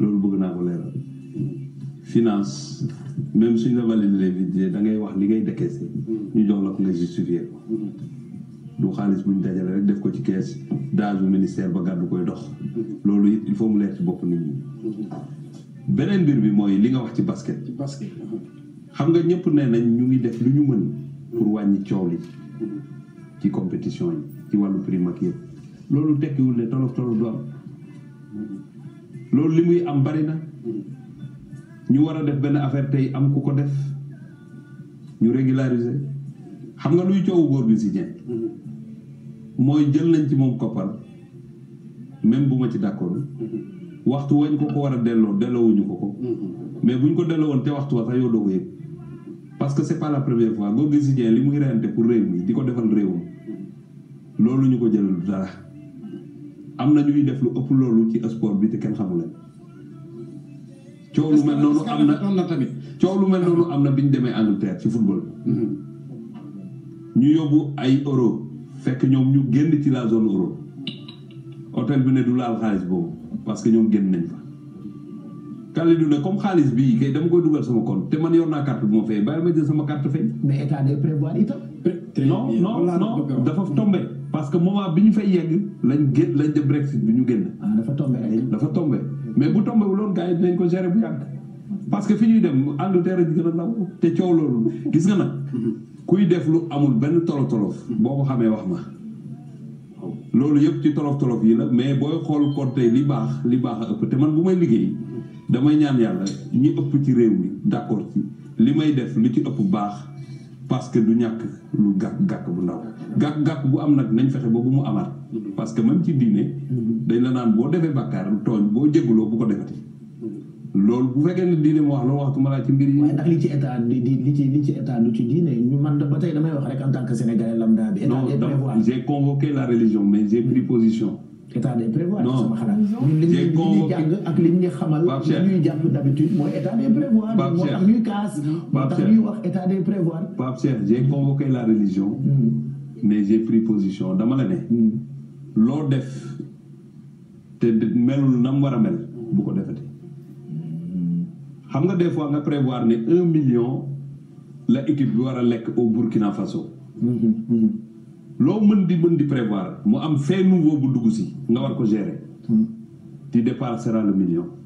loolu bëgg naa ko leeral finance même suñ la valide les budget da ngay wax li ngay décaissé ñu jox la ko nga justifié ko du xaalis buñ dajale rek def ko ci kees daaju ministère ba gàddu koy dox loolu it il faut mu leer ci bopp nit beneen mbir bi mooy li nga wax ci basket basket xam nga ñëpp nee nañ ñu ngi def lu ñu mën pour wàññi coow li ci compétition yi ci wàllu prix mag yëpp loolu tekkiwul ne tolof tolof du loolu li muy am bari na ñu war a def benn affaire tey am ku ko def ñu régulariser xam nga luy coowu góor bi si mooy jël nañ ci moom koppar même bu ma ci d'accord waxtu wañ ko ko war a delloo delloowuñu ko ko mais bu buñ ko delloowoon te waxtu wa sax yow doo ko yëg parce que c'est pas la première fois góor gi si ñeen li muy reyante pour réew mi di ko defal réewam loolu ñu ko jëlal dara am na ñuy def lu ëpp loolu ci sport bi te kenn xamu leen coow lu mel noonu am na coow lu mel noonu am na bi ñu demee Angleterre ci football mm-hmm. ñu yóbbu ay euro fekk ñoom ñu génn ci la zone euro hôtel bi ne du laal xaalis boobu parce que ñoom génn nañ fa Kalidou ne comme xaalis bii kay dama koy dugal sama compte te man yor naa carte bu ma fay bàyyi ma jël sama carte fay. mais état day prévoir itam. non dafa tombé. parce que moment bi ñu fay yegg lañ gén lañ def Brexit bi ñu génn. Ah, dafa tombé dafa tombé mais bu tombé wu loon gars ko gérer bu yàgg. parce que fi ñuy dem Angleterre ji gën a law te coow loolu gis nga nag. kuy def lu amul benn tolo tolof boo ko xamee wax ma. loolu yëpp ci tolof tolof yi la mais booy xool konte li baax li baax a ëpp te man bu may liggéey damay ñaan yàlla ñu ëpp ci réew mi d'accord ci li may def li ci ëpp baax parce que du ñàkk lu gàkk gàkk bu ndaw gàkk gàkk bu am nag nañ fexe ba bu mu amaat parce que même ci diine mm-hmm. dañ la naan boo defee bàkkaar tooñ boo jégguloo bu ko defati loolu bu fekkee ne diine moo wax loolu waxtu ma laa ci mbir yi. waaye ndax li ci état di di li ci li ci état du ci diine ñu man ba tey damay wax rek en tant que sénégalais lambda bi. état day prévoir non j'ai convoqué la religion mais j'ai pris hmm. position. état day prévoir. non sama xalaat ñun li ñuy jàng ak li ñuy xamal. li ñuy jàpp d'habitude mooy état day prévoir. Pape Cheikh moo tax ñuy kaas. moo tax ñuy wax état day prévoir. Pape Cheikh j'ai hmm. convoqué la religion. Hmm. mais j'ai pris position dama la ne. loo def te melul na mu war a mel bu ko defati. xam nga des fois nga prévoir ni un million la équipe bi war a lekk au Burkina Faso. loo mën di mën di prévoir mu am mu nouveau bu dugg si nga war ko gérer. tu hmm. dépasseras le million.